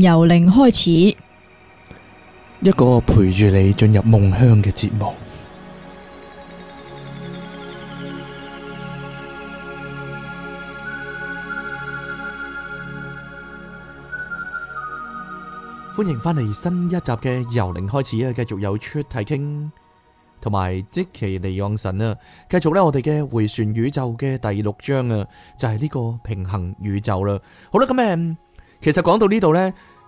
由零開始，一個陪住你進入夢鄉嘅節目。歡迎翻嚟新一集嘅由零開始啊！繼續有出題傾，同埋即其尼昂神啊！繼續咧，我哋嘅回旋宇宙嘅第六章啊，就係呢個平行宇宙啦。好啦，咁誒，其實講到呢度咧。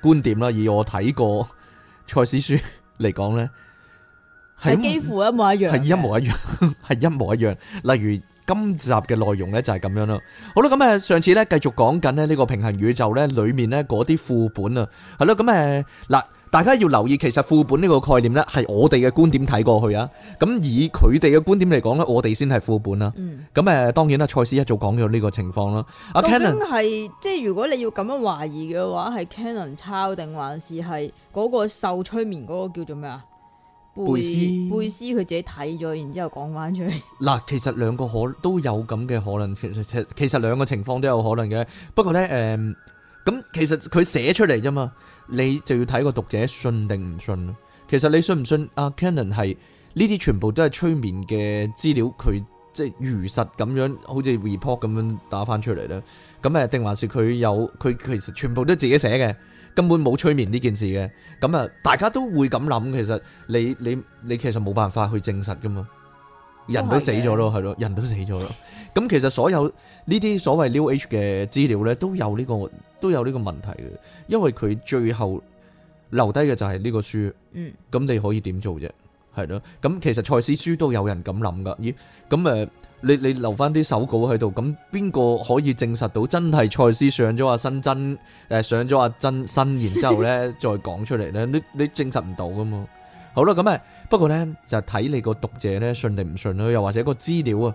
觀點啦，以我睇過賽斯書嚟講咧，係幾乎一模一樣，係 一模一樣，係一模一樣。例如。今集嘅內容咧就係咁樣啦，好啦，咁誒上次咧繼續講緊咧呢個平行宇宙咧裏面咧嗰啲副本啊，係咯，咁誒嗱，大家要留意，其實副本呢個概念咧係我哋嘅觀點睇過去啊，咁以佢哋嘅觀點嚟講咧，我哋先係副本啦，嗯，咁誒，當然啦，賽斯一早講咗呢個情況啦，究竟係即係如果你要咁樣懷疑嘅話，係 Canon 抄定還是係嗰個受催眠嗰個叫做咩啊？背書，背書佢自己睇咗，然之後講翻出嚟。嗱，其實兩個可都有咁嘅可能，其實其實兩個情況都有可能嘅。不過呢，誒、嗯，咁其實佢寫出嚟啫嘛，你就要睇個讀者信定唔信。其實你信唔信啊？Cannon 係呢啲全部都係催眠嘅資料，佢即係如實咁樣，好似 report 咁樣打翻出嚟咧。咁誒，定還是佢有佢其實全部都自己寫嘅？根本冇催眠呢件事嘅。咁啊，大家都會咁諗。其實你你你其實冇辦法去證實噶嘛，人都死咗咯，係咯，人都死咗咯。咁其實所有呢啲所謂 New Age 嘅資料咧，這個，都有呢個都有呢個問題嘅，因為佢最後留低嘅就係呢個書。嗯，咁你可以點做啫？係咯，咁其實塞斯書都有人咁諗噶，咦、嗯？咁誒。你你留翻啲手稿喺度，咁邊個可以證實到真係賽斯上咗阿新真？誒、呃，上咗阿真新，新，然之後咧再講出嚟咧，你你證實唔到噶嘛？好啦，咁啊，不過咧就睇你個讀者咧信定唔信咯，又或者個資料啊，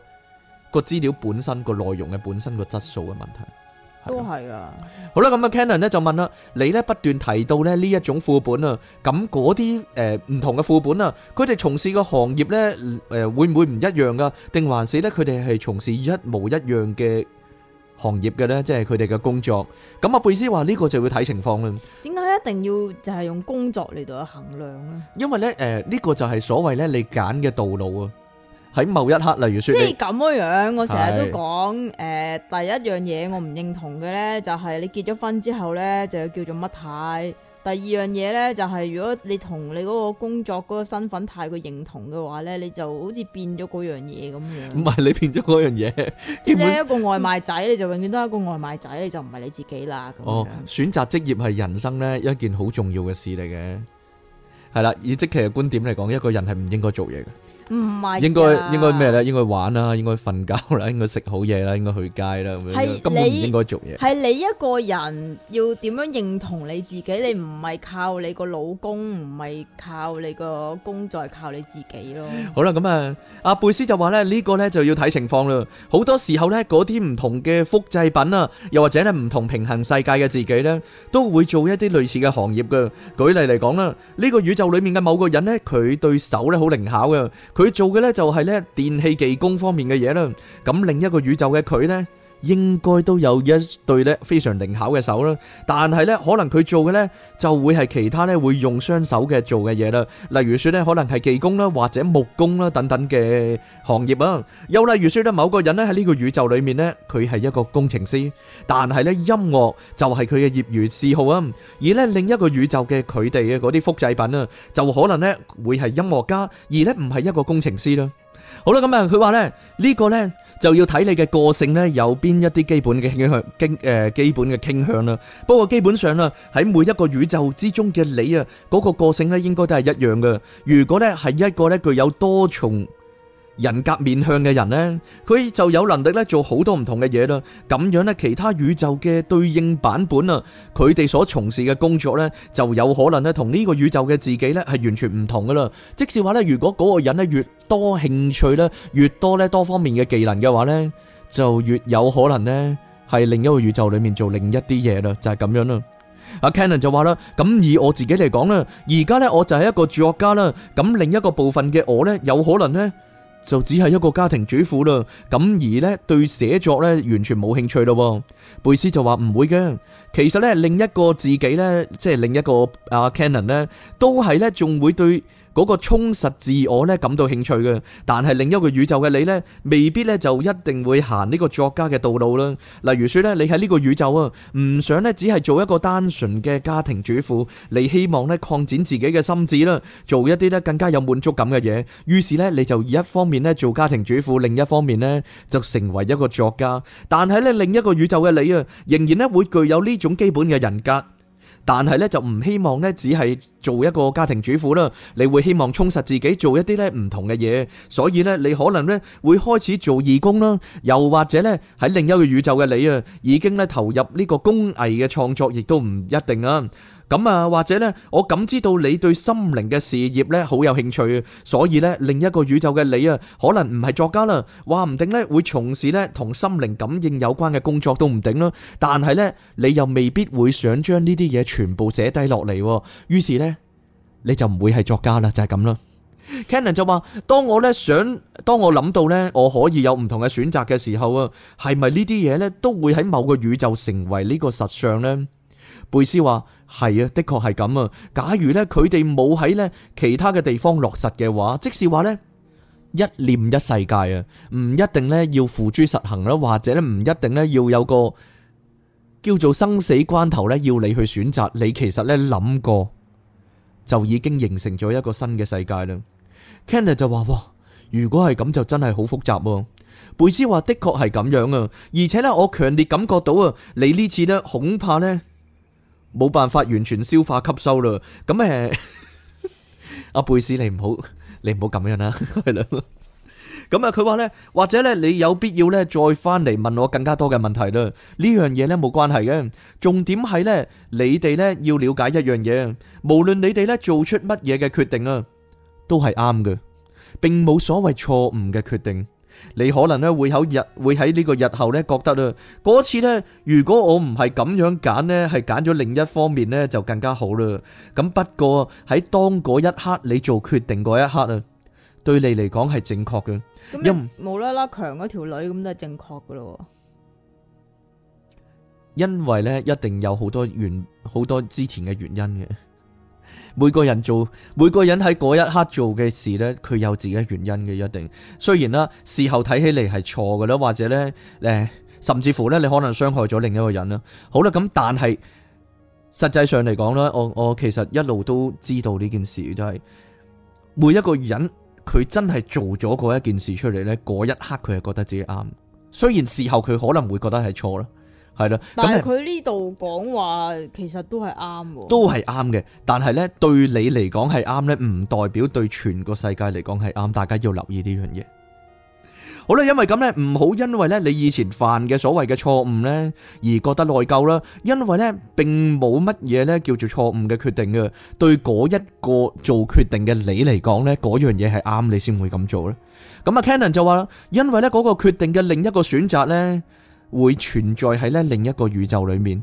個資料本身、個內容嘅本身個質素嘅問題。都係啊，好啦，咁啊，Cannon 咧就問啦，你咧不斷提到咧呢一種副本啊，咁嗰啲誒唔同嘅副本啊，佢哋從事嘅行業咧誒會唔會唔一樣噶？定還是咧佢哋係從事一模一樣嘅行業嘅咧？即係佢哋嘅工作。咁啊，貝斯話呢個就要睇情況啦。點解一定要就係用工作嚟到去衡量咧？因為咧誒呢個就係所謂咧你揀嘅道路啊。喺某一刻，例如説，即係咁樣，我成日都講誒是、呃。第一樣嘢我唔認同嘅呢，就係、是、你結咗婚之後呢，就要叫做乜太。第二樣嘢呢，就係、是、如果你同你嗰個工作嗰個身份太過認同嘅話呢，你就好似變咗嗰樣嘢咁樣。唔係你變咗嗰樣嘢，根本一個外賣仔 你就永遠都係一個外賣仔，你就唔係你自己啦。咁樣。哦，選擇職業係人生呢一件好重要嘅事嚟嘅，係啦。以積極嘅觀點嚟講，一個人係唔應該做嘢嘅。唔係應該應該咩咧？應該玩啦，應該瞓覺啦，應該食好嘢啦，應該去街啦。根本唔應該做嘢。係你一個人要點樣認同你自己？你唔係靠你個老公，唔係靠你個工作，係靠你自己咯。好啦，咁啊，阿貝斯就話咧，呢個咧就要睇情況啦。好多時候咧，嗰啲唔同嘅複製品啊，又或者咧唔同平行世界嘅自己咧，都會做一啲類似嘅行業噶。舉例嚟講啦，呢個宇宙裏面嘅某個人咧，佢對手咧好靈巧噶。佢做嘅咧就係咧電器技工方面嘅嘢啦，咁另一個宇宙嘅佢咧？應該都有一對非常靈巧的手啦，但是可能他做的就會是其他會用雙手做的嘢，例如說可能是技工或者木工等等的行業。又例如說某個人喺呢個宇宙裏面他是一個工程師，但是音樂就是他的業餘嗜好，而另一個宇宙的他們的複製品就可能會是音樂家而唔係一個工程師。好啦，咁啊，佢話呢，呢個呢，就要睇你嘅個性呢，有邊一啲基本嘅傾向，經誒基本嘅傾向啦。不過基本上啦，喺每一個宇宙之中嘅你啊，嗰個個性呢應該都係一樣噶。如果呢，係一個呢，具有多重人格面向嘅人咧，佢就有能力咧做好多唔同嘅嘢啦。咁樣咧，其他宇宙嘅對應版本啊，佢哋所從事嘅工作咧，就有可能咧同呢個宇宙嘅自己咧係完全唔同噶啦。即使話咧，如果嗰個人咧越多興趣咧，越多咧多方面嘅技能嘅話咧，就越有可能咧係另一個宇宙裏面做另一啲嘢啦，就係咁樣啦。阿 Cannon 就話啦，咁以我自己嚟講啦，而家咧我就係一個作家啦，咁另一個部分嘅我咧，有可能咧。就只係一個家庭主婦啦，咁而咧對寫作咧完全冇興趣咯。貝斯就話唔會嘅，其實咧另一個自己咧，即係另一個阿 Cannon 咧，都係咧仲會對嗰個充實自我咧感到興趣嘅，但係另一個宇宙嘅你呢，未必咧就一定會行呢個作家嘅道路啦。例如説咧，你喺呢個宇宙啊，唔想咧只係做一個單純嘅家庭主婦，你希望咧擴展自己嘅心智啦，做一啲咧更加有滿足感嘅嘢。於是呢，你就一方面咧做家庭主婦，另一方面呢就成為一個作家。但係咧，另一個宇宙嘅你啊，仍然咧會具有呢種基本嘅人格。但係咧就唔希望咧，只係做一個家庭主婦啦。你會希望充實自己，做一啲咧唔同嘅嘢。所以咧，你可能咧會開始做義工啦，又或者咧喺另一個宇宙嘅你啊，已經咧投入呢個工藝嘅創作，亦都唔一定啊。咁啊，或者咧，我感知到你對心靈嘅事業咧好有興趣，所以咧，另一個宇宙嘅你啊，可能唔係作家啦，話唔定咧會從事咧同心靈感應有關嘅工作都唔定咯。但係咧，你又未必會想將呢啲嘢全部寫低落嚟，於是咧，你就唔會係作家啦，就係咁咯。Cannon 就話，當我咧想，當我諗到咧，我可以有唔同嘅選擇嘅時候啊，係咪呢啲嘢咧都會喺某個宇宙成為呢個實相咧？貝斯話：係啊，的確係咁啊。假如咧，佢哋冇喺咧其他嘅地方落實嘅話，即是話咧一念一世界啊，唔一定咧要付諸實行啦，或者咧唔一定咧要有個叫做生死關頭咧要你去選擇。你其實咧諗過就已經形成咗一個新嘅世界啦。Kenner 就話：哇，如果係咁，就真係好複雜。貝斯話：的確係咁樣啊，而且咧，我強烈感覺到啊，你呢次咧恐怕咧。冇辦法完全消化吸收啦，咁誒，阿貝斯你唔好你唔好咁樣啦，係啦，咁啊佢話呢，或者呢你有必要呢再翻嚟問我更加多嘅問題啦，呢樣嘢呢冇關係嘅，重點係呢你哋呢要了解一樣嘢，無論你哋呢做出乜嘢嘅決定啊，都係啱嘅，並冇所謂錯誤嘅決定。你可能咧會喺日會喺呢個日後咧覺得啊嗰次咧如果我唔係咁樣揀咧係揀咗另一方面咧就更加好啦。咁不過喺當嗰一刻你做決定嗰一刻啊，對你嚟講係正確嘅。咁你無啦啦強嗰條女咁都係正確噶咯。因為咧一定有好多原好多之前嘅原因嘅。每個人做每個人喺嗰一刻做嘅事咧，佢有自己原因嘅一定。雖然啦，事後睇起嚟係錯嘅啦，或者呢，誒、欸，甚至乎呢，你可能傷害咗另一個人啦。好啦，咁但係實際上嚟講咧，我我其實一路都知道呢件事，就係、是、每一個人佢真係做咗嗰一件事出嚟呢，嗰一刻佢係覺得自己啱，雖然事後佢可能會覺得係錯啦。係咯，但係佢呢度講話其實都係啱喎，都係啱嘅。但係咧，對你嚟講係啱咧，唔代表對全個世界嚟講係啱。大家要留意呢樣嘢。好啦，因為咁咧，唔好因為咧你以前犯嘅所謂嘅錯誤咧，而覺得內疚啦。因為咧，並冇乜嘢咧叫做錯誤嘅決定嘅。對嗰一個做決定嘅你嚟講咧，嗰樣嘢係啱，你先會咁做啦。咁啊，Cannon 就話啦，因為咧嗰個決定嘅另一個選擇咧。會存在喺咧另一個宇宙裏面，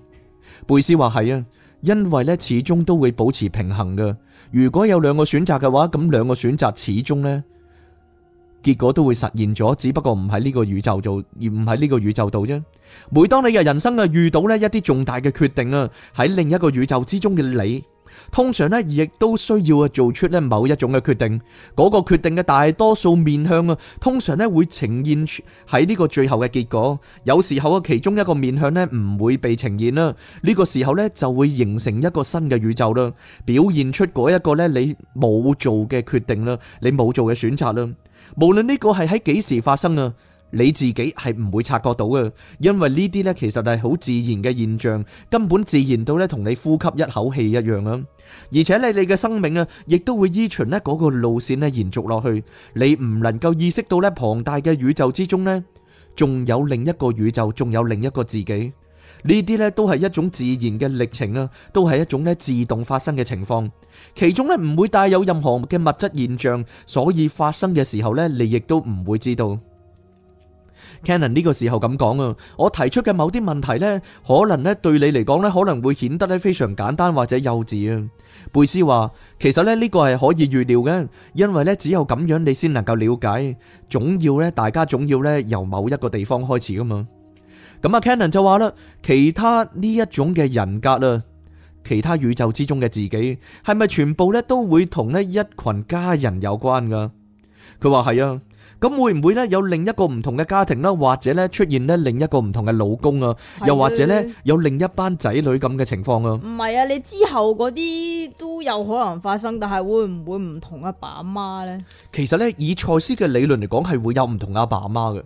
貝斯話係啊，因為咧始終都會保持平衡㗎。如果有兩個選擇嘅話，咁兩個選擇始終咧結果都會實現咗，只不過唔喺呢個宇宙做，而唔喺呢個宇宙度啫。每當你嘅人生啊遇到呢一啲重大嘅決定啊，喺另一個宇宙之中嘅你。通常咧，亦都需要啊，做出咧某一種嘅決定。嗰個決定嘅大多數面向啊，通常咧會呈現喺呢個最後嘅結果。有時候啊，其中一個面向咧唔會被呈現啦。呢個時候咧就會形成一個新嘅宇宙啦，表現出嗰一個咧你冇做嘅決定啦，你冇做嘅選擇啦。無論呢個係喺幾時發生啊。你自己係唔會察覺到嘅，因為呢啲呢其實係好自然嘅現象，根本自然到呢同你呼吸一口氣一樣啊。而且你你嘅生命啊，亦都會依循呢嗰個路綫呢延續落去。你唔能夠意識到呢龐大嘅宇宙之中呢，仲有另一個宇宙，仲有另一個自己。呢啲呢都係一種自然嘅歷程啊，都係一種呢自動發生嘅情況。其中呢唔會帶有任何嘅物質現象，所以發生嘅時候呢，你亦都唔會知道。Cannon 呢個時候咁講啊，我提出嘅某啲問題呢，可能呢對你嚟講呢可能會顯得呢非常簡單或者幼稚啊。貝斯話：其實呢呢個係可以預料嘅，因為呢只有咁樣你先能夠了解，總要呢大家總要呢由某一個地方開始㗎嘛。咁啊，Cannon 就話啦，其他呢一種嘅人格啊，其他宇宙之中嘅自己係咪全部呢都會同呢一群家人有關㗎？佢話係啊，咁會唔會呢？有另一個唔同嘅家庭啦，或者咧出現咧另一個唔同嘅老公啊，又或者咧有另一班仔女咁嘅情況啊？唔係啊，你之後嗰啲都有可能發生，但係會唔會唔同阿爸阿媽呢？其實呢，以賽斯嘅理論嚟講，係會有唔同阿爸阿媽嘅。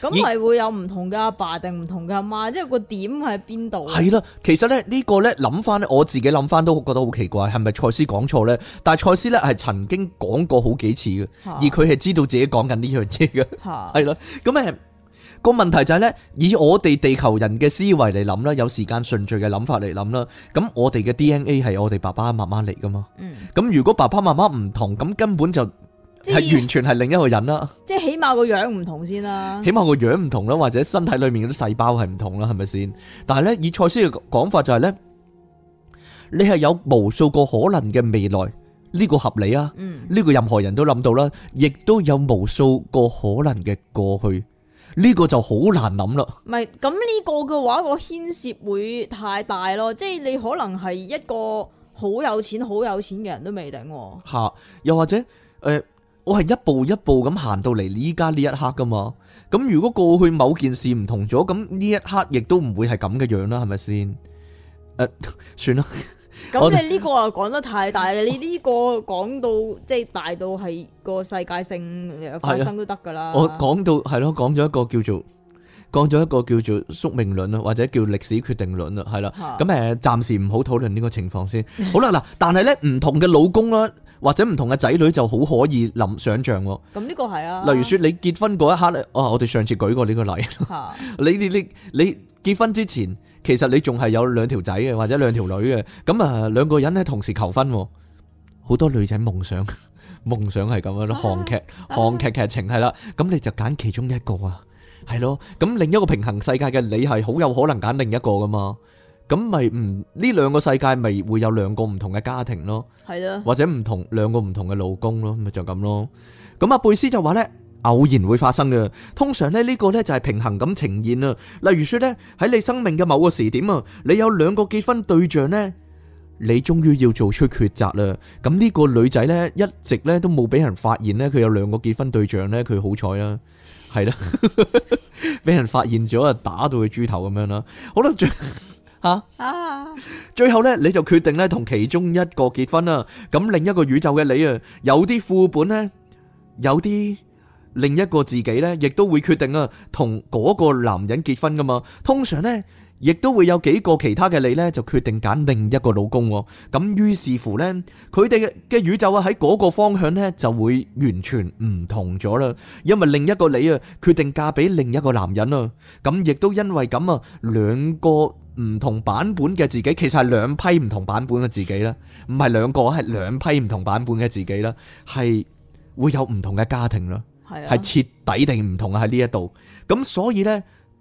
咁係會有唔同嘅阿爸定唔同嘅阿媽，即係個點喺邊度？係啦，其實咧呢個咧諗翻咧，我自己諗翻都覺得好奇怪，係咪蔡司講錯咧？但係蔡司咧係曾經講過好幾次嘅，而佢係知道自己講緊呢樣嘢嘅，係咯。咁誒個問題就係咧，以我哋地球人嘅思維嚟諗啦，有時間順序嘅諗法嚟諗啦。咁我哋嘅 DNA 係我哋爸爸媽媽嚟噶嘛？嗯。咁如果爸爸媽媽唔同，咁根本就。係完全係另一個人啦，即係起碼個樣唔同先啦、啊，起碼個樣唔同啦，或者身體裏面嗰啲細胞係唔同啦，係咪先？但係呢，以蔡思嘅講法就係呢：你係有無數個可能嘅未來，呢個合理啊，嗯，呢個任何人都諗到啦，亦都有無數個可能嘅過去，呢個就好難諗啦。唔係咁呢個嘅話，個牽涉會太大咯，即係你可能係一個好有錢、好有錢嘅人都未定，吓、啊，又或者誒。呃我係一步一步咁行到嚟依家呢一刻噶嘛，咁如果過去某件事唔同咗，咁呢一刻亦都唔會係咁嘅樣啦，係咪先？誒，算啦。咁你呢個又講得太大喇，你呢個講到即係大到係個世界性發生都得噶啦。我講到係咯，講咗一個叫做講咗一個叫做宿命論啊，或者叫歷史決定論啊，係啦。咁誒，暫時唔好討論呢個情況先。好啦，嗱，但係咧，唔同嘅老公啦。或者唔同嘅仔女就好可以諗想像喎。咁呢個係啊。例如説你結婚嗰一刻咧，哦，我哋上次舉過呢個例、啊。 你你你你結婚之前，其實你仲係有兩條仔嘅，或者兩條女嘅。咁啊，兩個人咧同時求婚，好多女仔夢想，夢想係咁樣囉，韓劇韓、啊、劇劇情係啦，咁你就揀其中一個啊，係咯。咁另一個平衡世界嘅你係好有可能揀另一個噶嘛。咁咪唔呢兩個世界咪會有兩個唔同嘅家庭咯，係啊，或者唔同兩個唔同嘅老公咯，咪就咁咯。咁阿貝斯就話咧，偶然會發生嘅。通常咧呢個咧就係平衡咁呈現啦。例如說咧喺你生命嘅某個時點啊，你有兩個結婚對象咧，你終於要做出抉擇啦。咁呢個女仔咧一直咧都冇俾人發現咧，佢有兩個結婚對象咧，佢好彩啊，係啦，俾人發現咗啊，打到佢豬頭咁樣啦，好啦最。啊！最後咧，你就決定咧同其中一個結婚啦。咁另一個宇宙嘅你啊，有啲副本呢，有啲另一個自己呢，亦都會決定啊，同嗰個男人結婚噶嘛。通常呢。亦都會有幾個其他嘅你呢，就決定揀另一個老公喎，咁於是乎呢，佢哋嘅宇宙喺嗰個方向呢就會完全唔同咗喇，因為另一個你呀，決定嫁俾另一個男人喎，咁亦都因為咁呀，兩個唔同版本嘅自己，其實係兩批唔同版本嘅自己，唔係兩個係兩批唔同版本嘅自己，係會有唔同嘅家庭，係徹底定唔同喺呢一度，咁所以呢，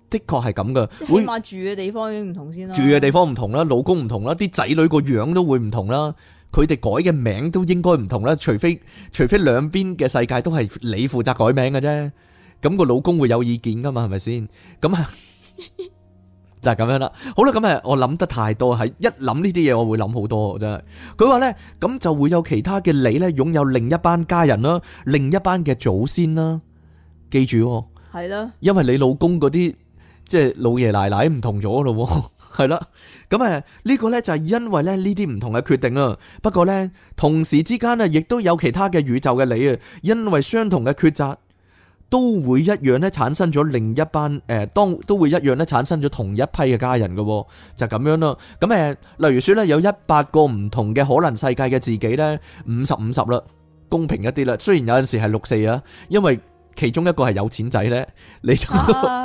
的確係咁噶，起碼住嘅地方已經唔同先啦。住嘅地方唔同啦，老公唔同啦，啲仔女個樣都會唔同啦，佢哋改嘅名都應該唔同啦，除非除非兩邊嘅世界都係你負責改名嘅啫，咁個老公會有意見噶嘛，係咪先？咁啊，就係咁樣啦。好啦，咁誒，我諗得太多，係一諗呢啲嘢我會諗好多，真係。佢話呢，咁就會有其他嘅你呢，擁有另一班家人啦，另一班嘅祖先啦。記住，係咯，因為你老公嗰啲。即係老爺奶奶唔同咗咯，係 啦，咁誒呢個呢，就係因為咧，呢啲唔同嘅決定啊。不過呢，同時之間呢，亦都有其他嘅宇宙嘅你啊，因為相同嘅抉擇都會一樣咧，產生咗另一班誒，當、呃、都會一樣咧，產生咗同一批嘅家人嘅，就咁、是、樣咯。咁誒，例如說咧，有一百個唔同嘅可能世界嘅自己呢，五十五十啦，公平一啲啦。雖然有陣時係六四啊，因為。其中一個係有錢仔咧，你就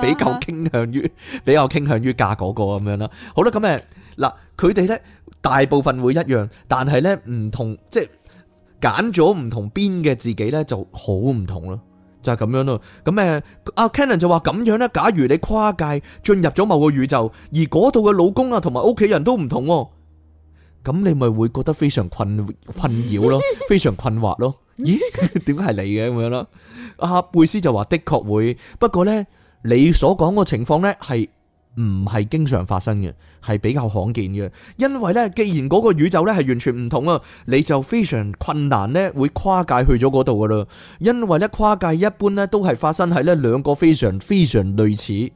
比較傾向於、啊啊、比較傾向於嫁嗰個咁樣啦。好啦，咁誒嗱，佢哋咧大部分會一樣，但係咧唔同即係揀咗唔同邊嘅自己咧就好唔同咯，就係咁、就是、樣咯。咁、嗯、誒，阿、啊、Cannon 就話咁樣咧，假如你跨界進入咗某個宇宙，而嗰度嘅老公啊同埋屋企人都唔同喎、哦。咁你咪會覺得非常困困擾咯，非常困惑咯。 咦？點解係你嘅咁樣咯？阿貝斯就話：的確會。不過咧，你所講個情況咧係，唔係經常發生嘅，係比較罕見嘅。因為呢，既然嗰個宇宙呢係完全唔同啊，你就非常困難呢會跨界去咗嗰度噶啦。因為呢，跨界一般呢都係發生喺呢兩個非常非常類似，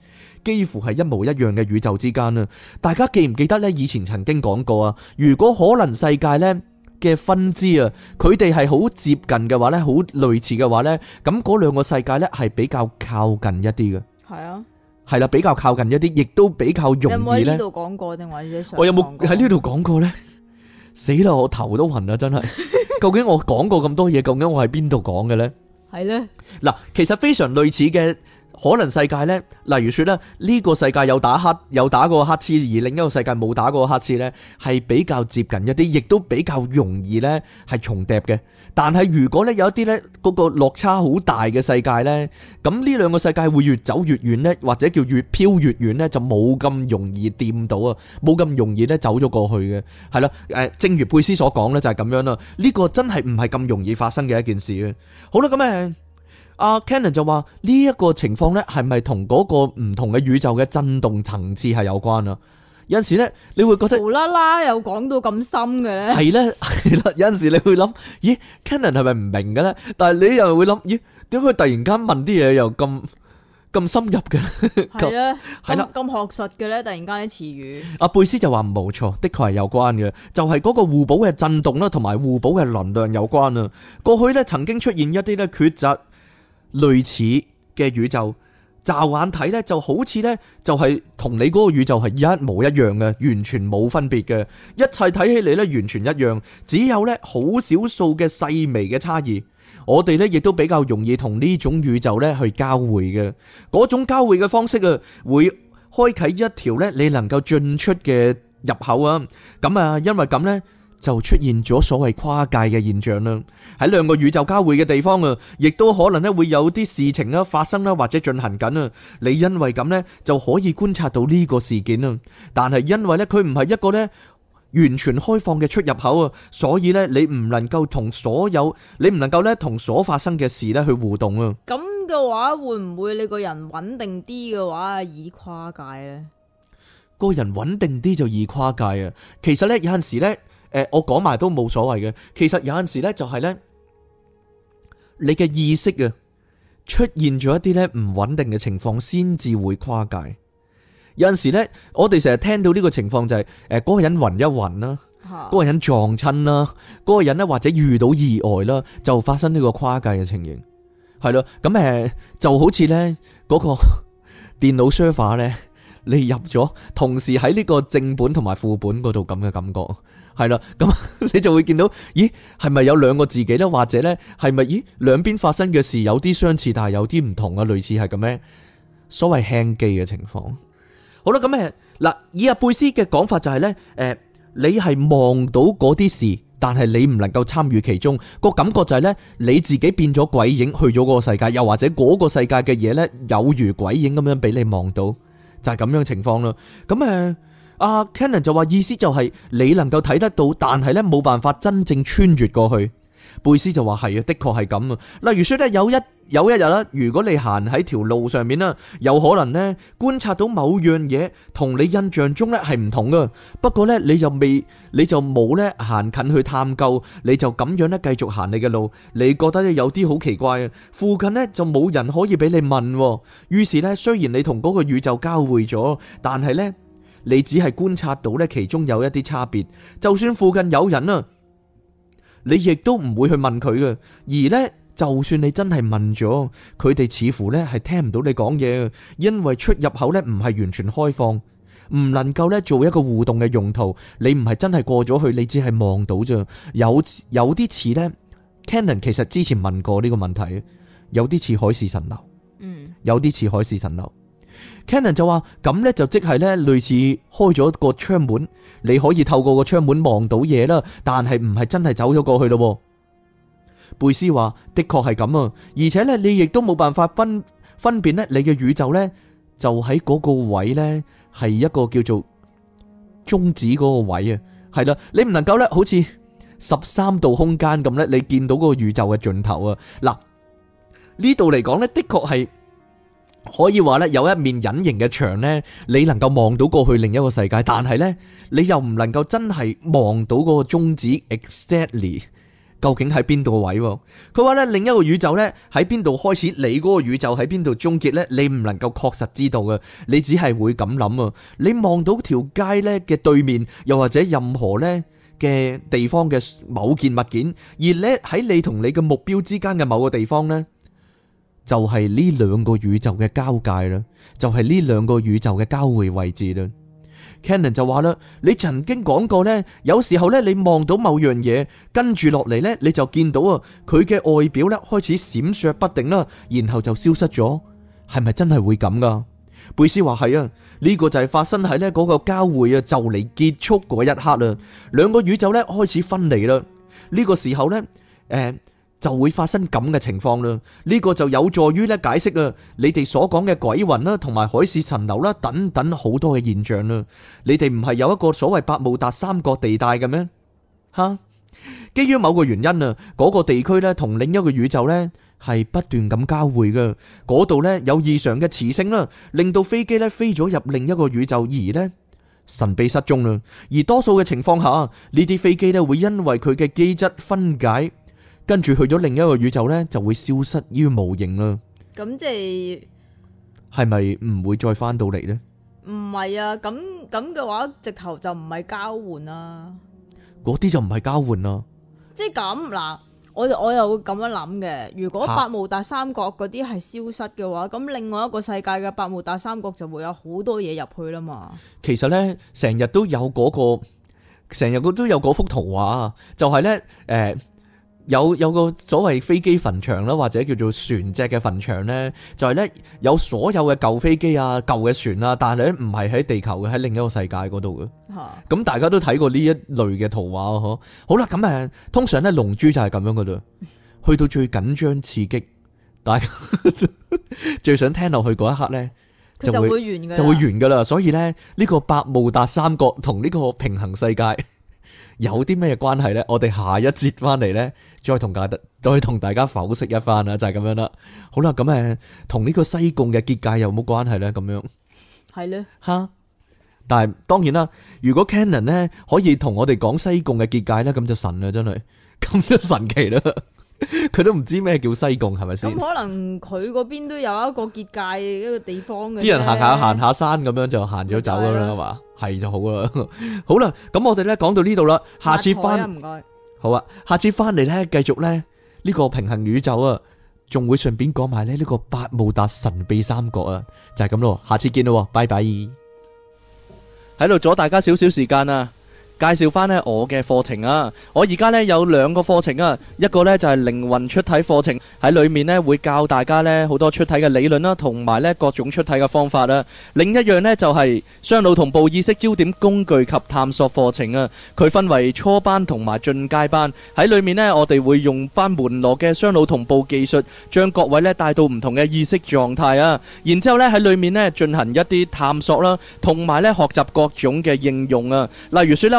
幾乎係一模一樣嘅宇宙之間啊。大家記唔記得呢？以前曾經講過啊，如果可能世界呢嘅分支啊，佢哋係好接近嘅話呢，好類似嘅話呢，咁嗰兩個世界呢係比較靠近一啲嘅。係啊。係啦，比較靠近一啲，亦都比較容易咧。有冇喺呢度講過定話喺我有冇喺呢度講過咧？ 死啦！我頭都暈啦，真係。究竟我講過咁多嘢，究竟我喺邊度講嘅咧？係咧。嗱，其實非常類似嘅。可能世界呢，例如說咧，呢個世界有打黑，有打過黑刺，而另一個世界冇打過黑刺呢，係比較接近一啲，亦都比較容易呢，係重疊嘅。但係如果呢，有一啲呢，嗰個落差好大嘅世界呢，咁呢兩個世界會越走越遠呢，或者叫越飄越遠呢，就冇咁容易掂到啊，冇咁容易呢，走咗過去嘅，係咯，誒，正如佩斯所講呢，就係咁樣啦。呢個真係唔係咁容易發生嘅一件事啊。好啦，咁啊。阿 Kenan 就話：呢一個情況咧，係咪同嗰個唔同嘅宇宙嘅振動層次係有關啊？有陣時咧，你會覺得無啦啦又講到咁深嘅咧。係咧，係啦。有陣時你會諗，咦，Kenan 係咪唔明嘅咧？但係你又會諗，咦，點解佢突然間問啲嘢又咁咁深入嘅？係啊，咁咁學術嘅咧，突然間啲詞語。阿貝斯就話冇錯，的確係有關嘅，就係嗰個互補嘅振動啦，同埋互補嘅能量有關啊。過去咧曾經出現一啲咧抉擇。類似嘅宇宙，乍眼睇咧就好似咧就係同你嗰個宇宙係一模一樣嘅，完全冇分別嘅，一切睇起嚟咧完全一樣，只有咧好少數嘅細微嘅差異。我哋咧亦都比較容易同呢種宇宙咧去交匯嘅，嗰種交匯嘅方式啊，會開啟一條咧你能夠進出嘅入口啊。咁啊，因為咁呢。就出現咗所謂跨界嘅現象啦。喺兩個宇宙交匯嘅地方啊，亦都可能咧會有啲事情啦發生啦，或者進行緊啊。你因為咁呢，就可以觀察到呢個事件啊。但係因為呢，佢唔係一個呢完全開放嘅出入口啊，所以呢，你唔能夠同所有你唔能夠呢同所發生嘅事呢去互動啊。咁嘅話，會唔會你個人穩定啲嘅話易跨界呢？個人穩定啲就易跨界啊。其實呢，有陣時呢。誒，我講埋都冇所謂嘅。其實有陣時咧，就係咧，你嘅意識暈暈啊，出現咗一啲咧唔穩定嘅情況，先至會跨界。有陣時咧，我哋成日聽到呢個情況就係誒，嗰個人暈一暈啦，嗰個人撞親啦，嗰、嗰個人咧或者遇到意外啦，就發生呢個跨界嘅情形係咯。咁誒，就好似咧嗰個電腦 server 咧，你入咗，同時喺呢個正本同埋副本嗰度咁嘅感覺。係啦，咁、嗯、你就會見到，咦，係咪有兩個自己咧？或者呢？係咪咦兩邊發生嘅事有啲相似，但係有啲唔同啊？類似係咁咩？所謂輕機嘅情況。好啦，咁、嗯、誒，嗱以阿貝斯嘅講法就係、是、呢：誒、呃，你係望到嗰啲事，但係你唔能夠參與其中。個感覺就係、是、呢：你自己變咗鬼影去咗嗰個世界，又或者嗰個世界嘅嘢呢，有如鬼影咁樣俾你望到，就係、是、咁樣情況咯。咁、嗯、誒。嗯 Ah, Cannon 就話，意思就係你能夠睇得到，但係咧冇辦法真正穿越過去。貝斯就話，係啊，的確係咁啊，例如說咧，有一有一日啦，如果你行喺條路上面啦，有可能咧觀察到某樣嘢同你印象中咧係唔同噶，不過咧，你就未你就冇咧行近去探究，你就咁樣咧繼續行你嘅路，你覺得咧有啲好奇怪啊，附近咧就冇人可以俾你問你只係觀察到咧，其中有一啲差別。就算附近有人啊，你亦都唔會去問佢嘅。而呢，就算你真係問咗，佢哋似乎呢係聽唔到你講嘢，因為出入口呢唔係完全開放，唔能夠呢做一個互動嘅用途。你唔係真係過咗去，你只係望到啫。有有啲似呢，Canon 其實之前問過呢個問題，有啲似海市蜃樓，嗯，有啲似海市蜃樓。Cannon 就話咁呢就即係呢，類似開咗個窗門，你可以透過個窗門望到嘢啦，但係唔係真係走咗過去咯。貝斯話：的確係咁啊，而且呢，你亦都冇辦法分分辨呢，你嘅宇宙呢，就喺嗰個位呢，係一個叫做終止嗰個位啊。係啦，你唔能夠呢，好似十三度空間咁呢，你見到個宇宙嘅盡頭啊。嗱，呢度嚟講呢，的確係。可以話咧有一面隱形嘅牆咧，你能夠望到過去另一個世界，但係咧你又唔能夠真係望到嗰個終止 exactly 究竟喺邊度位？佢話咧另一個宇宙咧喺邊度開始，你嗰個宇宙喺邊度終結咧？你唔能夠確實知道嘅，你只係會咁諗啊！你望到條街咧嘅對面，又或者任何咧嘅地方嘅某件物件，而呢喺你同你嘅目標之間嘅某個地方咧。就係呢兩個宇宙嘅交界啦，就係呢兩個宇宙嘅交匯位置啦。Cannon 就話啦，你曾經講過呢，有時候呢你望到某樣嘢，跟住落嚟呢，你就見到啊，佢嘅外表呢開始閃爍不定啦，然後就消失咗，係咪真係會咁噶？貝斯話係啊，呢個就係發生喺呢嗰個交匯啊就嚟結束嗰一刻啦，兩個宇宙呢開始分離啦，呢個時候呢，誒。就會發生咁嘅情況啦，呢個就有助於咧解釋啊你哋所講嘅鬼魂啦，同埋海市蜃樓啦等等好多嘅現象啦。你哋唔係有一個所謂百慕達三角地帶嘅咩？吓，基於某個原因啊，嗰個地區咧同另一個宇宙咧係不斷咁交匯嘅，嗰度咧有異常嘅磁性啦，令到飛機咧飛咗入另一個宇宙而咧神秘失蹤啦。而多數嘅情況下，呢啲飛機咧會因為佢嘅機質分解。跟住去咗另一個宇宙咧，就會消失於無形啦。咁即係係咪唔會再翻到嚟咧？唔係啊，咁咁嘅話，直頭就唔係交換啦。嗰啲就唔係交換啦。即係咁嗱，我我又會咁樣諗嘅。如果百慕達三角嗰啲係消失嘅話，咁另外一個世界嘅百慕達三角就會有好多嘢入去啦嘛。其實咧，成日都有嗰個，成日佢都有嗰幅圖畫啊，就係咧，誒。有有個所謂飛機墳場啦，或者叫做船隻嘅墳場呢，就係呢，有所有嘅舊飛機啊、舊嘅船啊，但係咧唔係喺地球嘅，喺另一個世界嗰度嘅。咁、啊、大家都睇過呢一類嘅圖畫啊，嗬。好啦，咁啊，通常呢龍珠就係咁樣嗰度，去到最緊張刺激，大家 最想聽落去嗰一刻呢，就會就會完噶啦。所以呢，呢個百慕達三角同呢個平衡世界。有啲咩關係咧？我哋下一節翻嚟咧，再同大再同大家剖析一番啦，就係、是、咁樣啦。好啦，咁誒，同呢個西貢嘅結界有冇關係咧？咁樣係咧，吓的。但係當然啦，如果 Canon 咧可以同我哋講西貢嘅結界咧，咁就神啦，真係咁就神奇啦。 佢 都唔知咩叫西貢係咪先？咁可能佢嗰邊都有一個結界，一個地方嘅。啲人行下行下山咁樣就行咗走咁樣啊，係吧就好啦。 好啦，咁我哋咧講到呢度啦，下次翻，唔該。好啊，下次翻嚟咧繼續咧呢、呢個平行宇宙啊，仲會順便講埋咧呢個百慕達神秘三角啊，就係咁咯。下次見咯，拜拜。喺度阻大家少少時間啊！介紹翻咧我嘅課程啊，我而家咧有兩個課程啊，一個咧就係靈魂出體課程，喺裏面咧會教大家咧好多出體嘅理論啦，同埋咧各種出體嘅方法啦。另一樣咧就係雙腦同步意識焦點工具及探索課程啊，佢分為初班同埋進階班，喺裏面咧我哋會用翻門羅嘅雙腦同步技術，將各位咧帶到唔同嘅意識狀態啊，然之後咧喺裏面咧進行一啲探索啦，同埋咧學習各種嘅應用啊，例如說咧。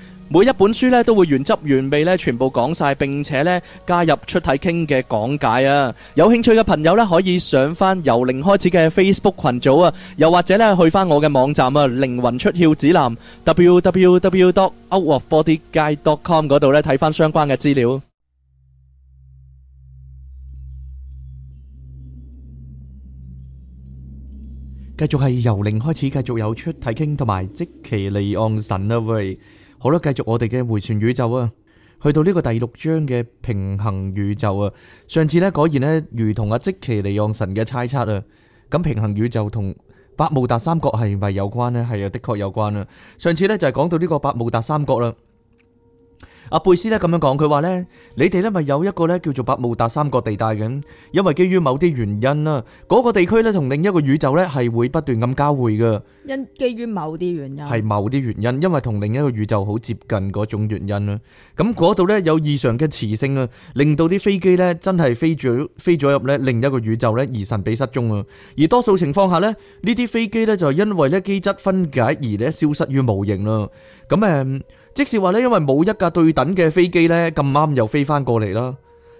每一本書咧都會原汁原味咧全部講晒，並且咧加入出體傾嘅講解啊！有興趣嘅朋友咧可以上翻由零開始嘅 Facebook 群組啊，又或者咧去翻我嘅網站啊靈魂出竅指南 www.outofbodyguide.com 嗰度咧睇翻相關嘅資料。繼續係由零開始，繼續有出體傾同埋即其離岸神啊喂！好啦，繼續我哋嘅回旋宇宙啊，去到呢個第六章嘅平行宇宙啊。上次咧果然咧，如同阿即奇尼讓神嘅猜測啊。咁平行宇宙同百慕達三角係咪有關咧？係啊，的確有關啊。上次咧就係講到呢個百慕達三角啦。阿貝斯呢咁樣講，佢話呢，你哋呢咪有一個呢叫做百慕達三角地帶嘅，因為基於某啲原因，嗰個地區呢同另一個宇宙呢係會不斷咁交匯㗎。即是話咧因為冇一架對等嘅飛機咧咁啱又飛翻過嚟啦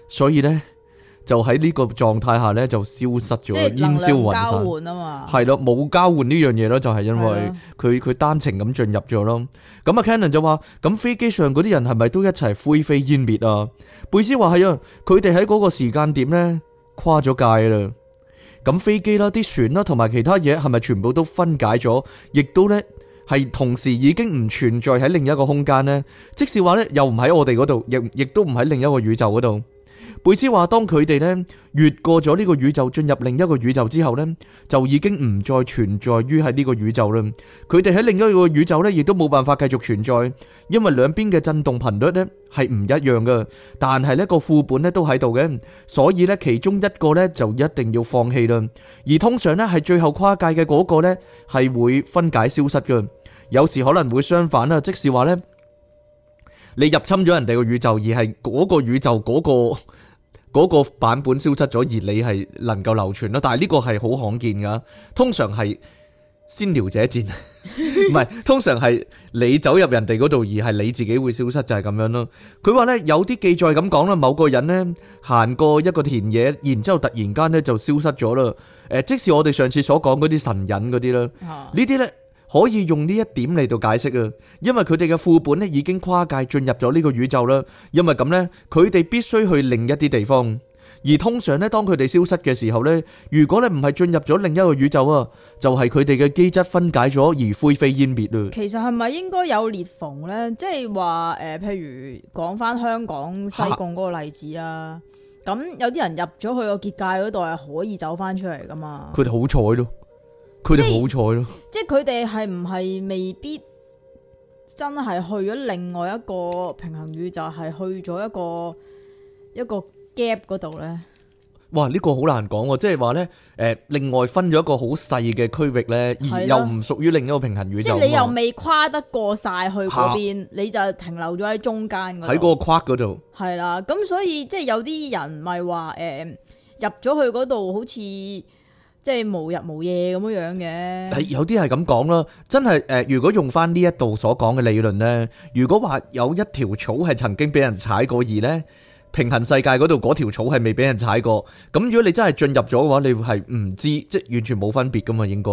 所以咧就喺呢個狀態下咧就消失咗煙消雲散係咯冇交換呢樣嘢咯就係因為佢佢單程咁進入咗咯係同時已經唔存在喺另一個空間咧，即使話咧又唔喺我哋度，亦亦都唔喺另一個宇宙度。貝斯話,當佢哋呢,越過咗呢個宇宙,進入另一個宇宙之後呢,就已經唔再存在於喺呢個宇宙啦。佢哋喺另一個宇宙呢,亦都冇辦法繼續存在。因為兩邊嘅震動頻率呢,係唔一樣㗎。但係呢個副本呢,都喺度嘅。所以呢,其中一個呢,就一定要放棄啦。而通常呢,係最後跨界嘅嗰個呢,係會分解消失㗎。有時可能會相反啦,即使話呢,你入侵咗人哋個宇宙，而係嗰個宇宙嗰、嗰個、嗰個版本消失咗，而你係能夠流傳咯。但係呢個係好罕見噶，通常係先聊者戰，唔係 通常係你走入人哋嗰度，而係你自己會消失就係、是、咁樣咯。佢話呢，有啲記載咁講啦，某個人呢，行過一個田野，然之後突然間呢就消失咗啦。誒，即使我哋上次所講嗰啲神隱嗰啲啦，呢啲 呢。」可以用呢一點嚟到解釋啊，因為佢哋嘅副本咧已經跨界進入咗呢個宇宙啦。因為咁咧，佢哋必須去另一啲地方。而通常咧，當佢哋消失嘅時候咧，如果你唔係進入咗另一個宇宙啊，就係佢哋嘅機質分解咗而灰飛煙滅啊。其實係咪應該有裂縫咧？即係話誒，譬如講翻香港西貢嗰個例子啊，咁有啲人入咗去個結界嗰度係可以走翻出嚟噶嘛？佢哋好彩咯。佢哋好彩咯，即係佢哋係唔係未必真係去咗另外一個平行宇，就係、是、去咗一個一個 gap 嗰度呢？哇！呢、這個好難講喎，即係話呢，誒，另外分咗一個好細嘅區域呢，而又唔屬於另一個平行宇。的即係你又未跨得過晒去嗰邊，啊、你就停留咗喺中間。喺嗰個跨嗰度。係啦，咁所以即係有啲人咪話，誒、呃，入咗去嗰度好似。即係無日無夜咁樣樣嘅，係有啲係咁講啦。真係誒，如果用翻呢一度所講嘅理論咧，如果話有一條草係曾經俾人踩過而咧，平行世界嗰度嗰條草係未俾人踩過，咁如果你真係進入咗嘅話，你會係唔知，即係完全冇分別噶嘛？應該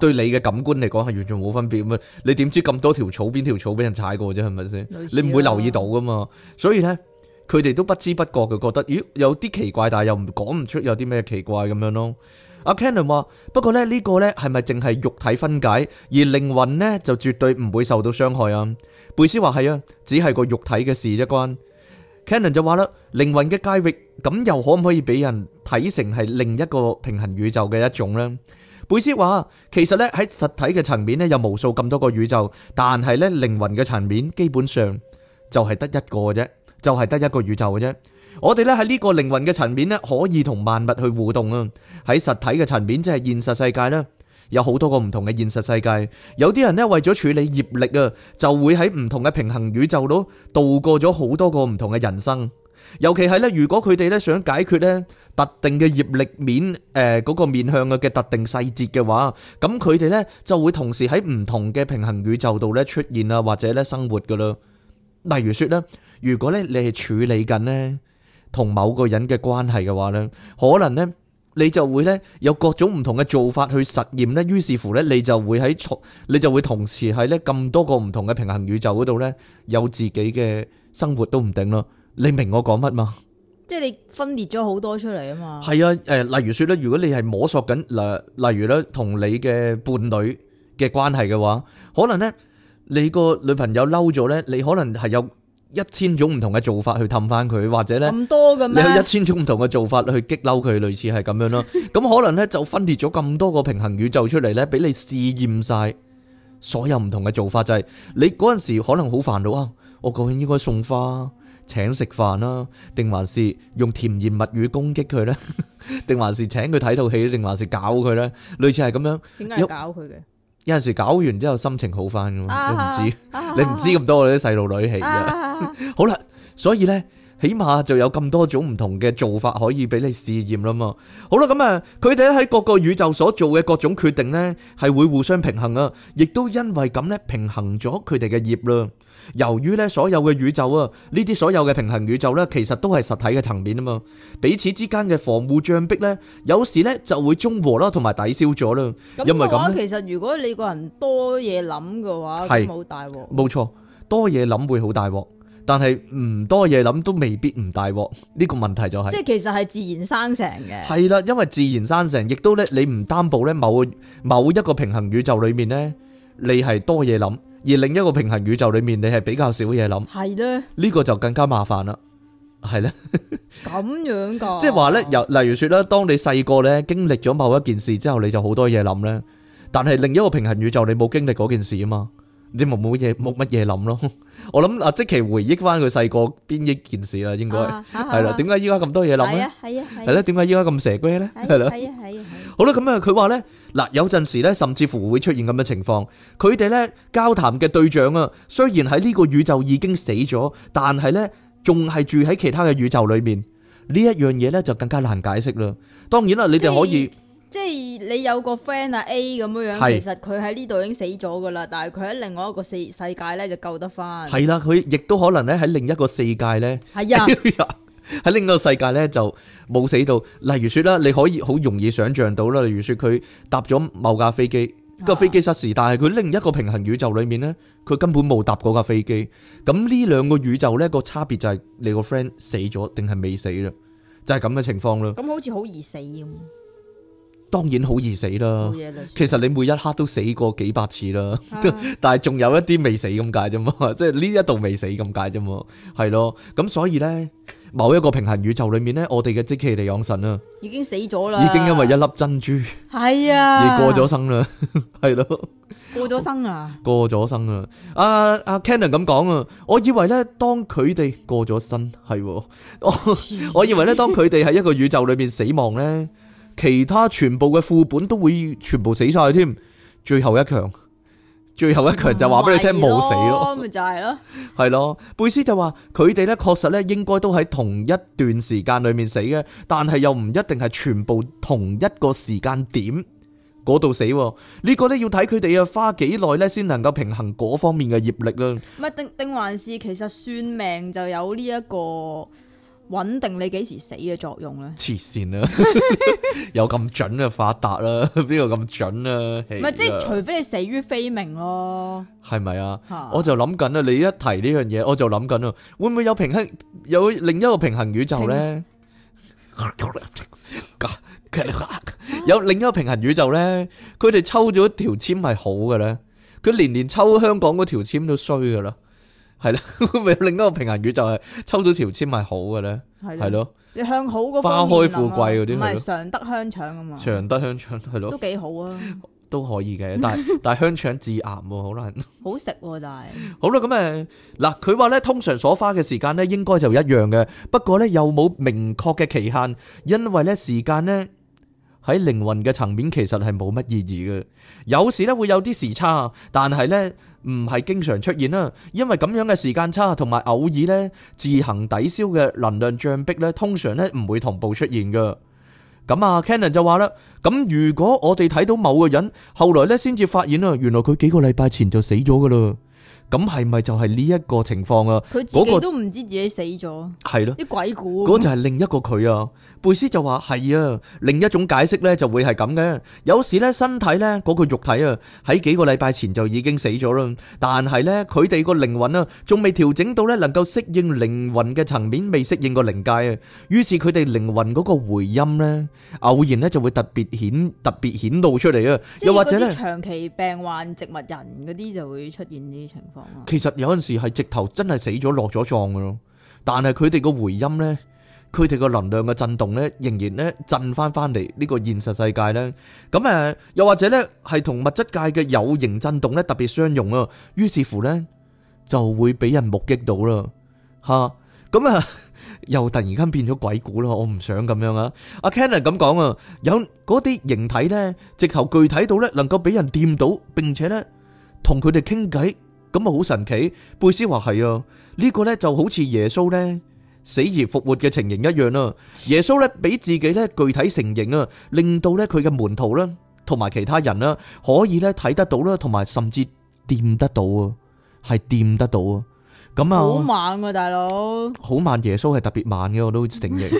對你嘅感官嚟講係完全冇分別咁啊。你點知咁多條草邊條草俾人踩過啫？係咪先？你唔會留意到噶嘛？所以咧，佢哋都不知不覺嘅覺得咦，有啲奇怪，但係又唔講唔出有啲咩奇怪咁樣咯。阿 Kenon 話：不過咧，呢個咧係咪淨係肉體分解，而靈魂咧就絕對唔會受到傷害啊？貝斯話：係啊，只係個肉體嘅事一關。Kenon 就話啦：靈魂嘅界域咁又可唔可以俾人睇成係另一個平行宇宙嘅一種咧？貝斯話：其實咧，喺實體嘅層面咧，有無數咁多個宇宙，但係咧，靈魂嘅層面基本上就係得一個啫，就係得一個宇宙嘅啫。我哋咧喺呢個靈魂嘅層面咧，可以同萬物去互動啊！喺實體嘅層面，即係現實世界咧，有好多個唔同嘅現實世界。有啲人咧為咗處理業力啊，就會喺唔同嘅平行宇宙度度過咗好多個唔同嘅人生。尤其係咧，如果佢哋咧想解決咧特定嘅業力面誒嗰個面向嘅嘅特定細節嘅話，咁佢哋咧就會同時喺唔同嘅平行宇宙度咧出現啊，或者咧生活噶啦。例如說咧，如果咧你係處理緊咧。同某個人嘅關係嘅話咧，可能咧你就會咧有各種唔同嘅做法去實驗咧，於是乎咧你就會喺同你就會同時喺咧咁多個唔同嘅平行宇宙嗰度咧，有自己嘅生活都唔定咯。你明我講乜嗎？即係你分裂咗好多出嚟啊嘛。係啊，誒，例如説咧，如果你係摸索緊嗱，例如咧同你嘅伴侶嘅關係嘅話，可能咧你個女朋友嬲咗咧，你可能係有。一千種唔同嘅做法去氹翻佢，或者咧咁多嘅咩？你去一千種唔同嘅做法去激嬲佢，類似係咁樣咯。咁可能咧就分裂咗咁多個平行宇宙出嚟咧，俾你試驗晒所有唔同嘅做法，就係你嗰陣時可能好煩惱啊！我究竟應該送花、請食飯啦，定還是用甜言蜜語攻擊佢咧？定還是請佢睇套戲，定還是搞佢咧？類似係咁樣，點解要搞佢嘅？有陣時搞完之後心情好翻㗎嘛，你唔知，你唔知咁多我哋啲細路女係㗎。啊、 好啦，所以咧。起碼就有咁多種唔同嘅做法可以俾你試驗啦嘛。好啦，咁啊，佢哋喺各個宇宙所做嘅各種決定咧，係會互相平衡啊，亦都因為咁咧，平衡咗佢哋嘅業量。由於咧所有嘅宇宙啊，呢啲所有嘅平衡宇宙咧，其實都係實體嘅層面啊嘛，彼此之間嘅防護障壁咧，有時咧就會中和啦，同埋抵消咗啦。咁我覺得其實如果你個人多嘢諗嘅話，係冇大鑊。冇錯，多嘢諗會好大鑊。但係唔、嗯、多嘢諗都未必唔大鑊，呢、這個問題就係、是、即係其實係自然生成嘅，係啦，因為自然生成，亦都咧你唔擔保咧某某一個平行宇宙裏面咧，你係多嘢諗，而另一個平行宇宙裏面你係比較少嘢諗，係咧呢個就更加麻煩啦，係咧咁樣噶，即係話咧，由例如說咧，當你細個咧經歷咗某一件事之後，你就好多嘢諗咧，但係另一個平行宇宙你冇經歷嗰件事啊嘛。你冇冇嘢冇乜嘢諗咯？ 我諗啊，即期回憶翻佢細個邊一件事啦，應該係啦。點解依家咁多嘢諗咧？係啊係啊係。係啦，點解依家咁蛇龜咧？係啦係啊係啊好啦，咁啊，佢話咧，嗱有陣時咧，甚至乎會出現咁嘅情況。佢哋咧交談嘅對象啊，雖然喺呢個宇宙已經死咗，但係咧仲係住喺其他嘅宇宙裏面。呢一樣嘢咧就更加難解釋啦。當然啦，你哋可以即係。即係你有個 friend 啊 A 咁樣樣，其實佢喺呢度已經死咗㗎喇，但係佢喺另外一個世世界呢就救得返。係啦，佢亦都可能咧喺另一個世界呢，係啊，喺另一個世界呢就冇死到。例如說啦，你可以好容易想像到啦。例如說，佢搭咗某架飛機，個飛機失事，但係佢另一個平行宇宙裡面呢，佢根本冇搭嗰架飛機。咁呢兩個宇宙呢個差別就係你個 friend 死咗定係未死啦，就係咁嘅情況咯。咁好似好易死咁。當然好易死啦，其實你每一刻都死過幾百次啦，啊、但係仲有一啲未死咁解啫嘛，即係呢一度未死咁解啫嘛，係咯。咁所以呢，某一個平行宇宙裏面呢，我哋嘅即期地養神啊，已經死咗啦，已經因為一粒珍珠係啊，你過咗生啦，係咯，過咗生,了 過了生了啊，過咗生啦。阿阿 Cannon 咁講啊，我以為呢，當佢哋過咗身，係，我經 我以為呢，當佢哋喺一個宇宙裏面死亡呢。 其他全部嘅副本都會全部死晒添，最後一強，最後一強就話俾你聽冇、嗯、死咯，咪就係咯，係咯， 貝斯就話佢哋咧確實咧應該都喺同一段時間裏面死嘅，但係又唔一定係全部同一個時間點嗰度死，呢、這個咧要睇佢哋啊花幾耐咧先能夠平衡嗰方面嘅業力啦。唔係，丁丁還是其實算命就有呢、這、一個。穩定你幾時死嘅作用咧？慈善啊， 有咁準就發達啦，邊度咁準啊？唔係，即係、就是、除非你死於非命咯，係咪啊？ 我就諗緊啊，你一提呢樣嘢，我就諗緊啊，會唔會有平行？有另一個平行宇宙咧？ 有另一個平行宇宙咧？佢哋抽咗條籤係好嘅咧，佢年年抽香港嗰條籤都衰噶啦。係啦，有 另一個平衡宇宙就係抽到條籤咪好嘅咧，係咯的。你的向好嗰花開富貴嗰啲，唔係常德香腸啊嘛。常德香腸係咯，都幾好啊， 都可以嘅。但係 但係香腸致癌喎，好難。好食喎，啊， 但係是。好啦，咁誒嗱，佢話咧，通常所花嘅時間咧，應該就一樣嘅。不過咧，有冇明確嘅期限？因為咧，時間咧喺靈魂嘅層面其實係冇乜意義嘅。有時咧會有啲時差，但係咧。唔係經常出現啦，因為咁樣嘅時間差同埋偶爾呢自行抵消嘅能量障壁呢，通常呢唔會同步出現㗎。咁啊，Cannon 就話啦，咁如果我哋睇到某個人，後來呢先至發現啊，原來佢幾個禮拜前就死咗㗎喇。咁係咪就係呢一個情況啊？佢自己都唔知自己死咗。係咯，啲鬼故。嗰就係另一個佢啊。貝斯就話係啊，另一種解釋咧就會係咁嘅。有時咧身體咧嗰個肉體啊，喺幾個禮拜前就已經死咗啦。但係咧佢哋個靈魂啊，仲未調整到咧能夠適應靈魂嘅層面，未適應個靈界啊。於是佢哋靈魂嗰個回音咧，偶然咧就會特別顯特別顯露出嚟啊。即係又或者嗰啲長期病患、植物人嗰啲就會出現呢啲情況。其實有陣時係直頭真係死咗落咗葬噶咯，但係佢哋個回音咧，佢哋個能量嘅震動咧，仍然咧震翻翻嚟呢個現實世界咧。咁誒，又或者咧係同物質界嘅有形震動咧特別相容啊。於是乎咧，就會俾人目擊到啦。吓，咁啊，又突然間變咗鬼故啦！我唔想咁樣啊。阿 Ken 咁講啊，有嗰啲形體咧，直頭具體到咧，能夠俾人掂到，並且咧同佢哋傾偈。咁啊，好神奇！貝斯話係啊，呢個呢就好似耶穌呢死而復活嘅情形一樣啦。耶穌呢俾自己呢具體成形啊，令到呢佢嘅門徒啦，同埋其他人啦，可以呢睇得到啦，同埋甚至掂得到啊，係掂得到啊！咁啊，好慢啊，大佬，好慢。耶穌係特別慢嘅，我都承認。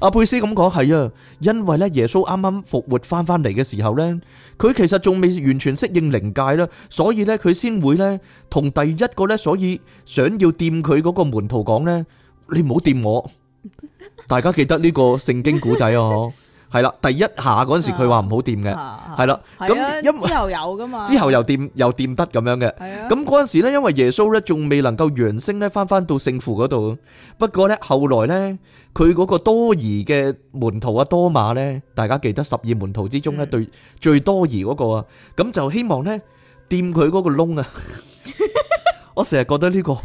阿、 啊、佩斯咁講係啊，因為咧耶穌啱啱復活翻翻嚟嘅時候咧，佢其實仲未完全適應靈界啦，所以咧佢先會咧同第一個咧，所以想要掂佢嗰個門徒講咧，你唔好掂我。 大家記得呢個聖經古仔啊， 係啦，第一下嗰陣時佢話唔好掂嘅，係啦，咁因為之後有噶嘛，之後又掂又掂得咁樣嘅，咁嗰陣時咧，因為耶穌呢仲未能夠揚升呢翻翻到聖父嗰度，不過呢，後來呢，佢嗰個多疑嘅門徒啊多馬呢，大家記得十二門徒之中呢最最多疑嗰、嗰個啊，咁就希望呢掂佢嗰個窿啊，我成日覺得呢個。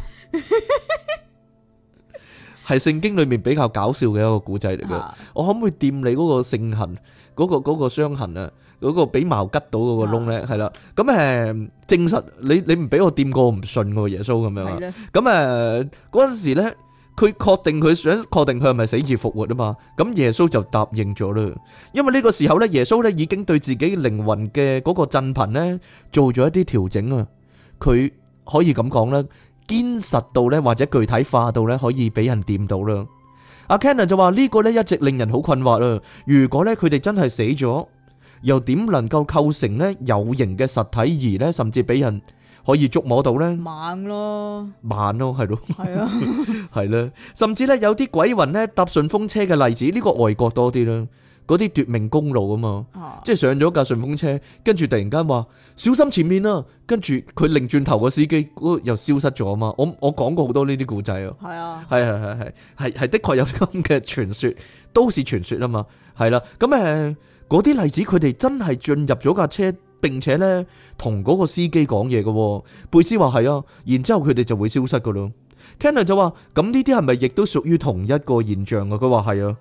係聖經裏面比較搞笑嘅一個古仔嚟嘅，我可唔可以掂你嗰個聖痕，嗰個嗰個傷痕啊，嗰個俾矛吉到嗰個窿咧？係啦，咁誒證實你你唔俾我掂過唔信個耶穌咁樣啊？咁誒嗰陣時咧，佢確定佢想確定佢係咪死而復活啊嘛？咁耶穌就答應咗啦，因為呢個時候咧，耶穌咧已經對自己靈魂嘅嗰個振頻咧做咗一啲調整啊，佢可以咁講咧。堅實度咧，或者具體化度咧，可以俾人掂到啦。阿 Ken 就話呢個咧一直令人好困惑啊。如果咧佢哋真係死咗，又點能夠構成咧有形嘅實體而咧，甚至俾人可以捉摸到咧？慢咯，慢咯，係咯，係啊，係啦，甚至咧有啲鬼魂咧搭順風車嘅例子，呢個外國多啲啦。嗰啲奪命公路啊嘛，啊即係上咗架順風車，跟住突然間話小心前面啦，啊，跟住佢擰轉頭個司機又消失咗啊嘛，我我講過好多呢啲故仔啊，係啊，係係係係係係的確有咁嘅傳說，都市傳說啊嘛，係啦，咁誒嗰啲例子佢哋真係進入咗架車，並且咧同嗰個司機講嘢嘅，貝斯話係啊，然之後佢哋就會消失㗎咯。Kenner 就話咁呢啲係咪亦都屬於同一個現象啊？佢話係啊。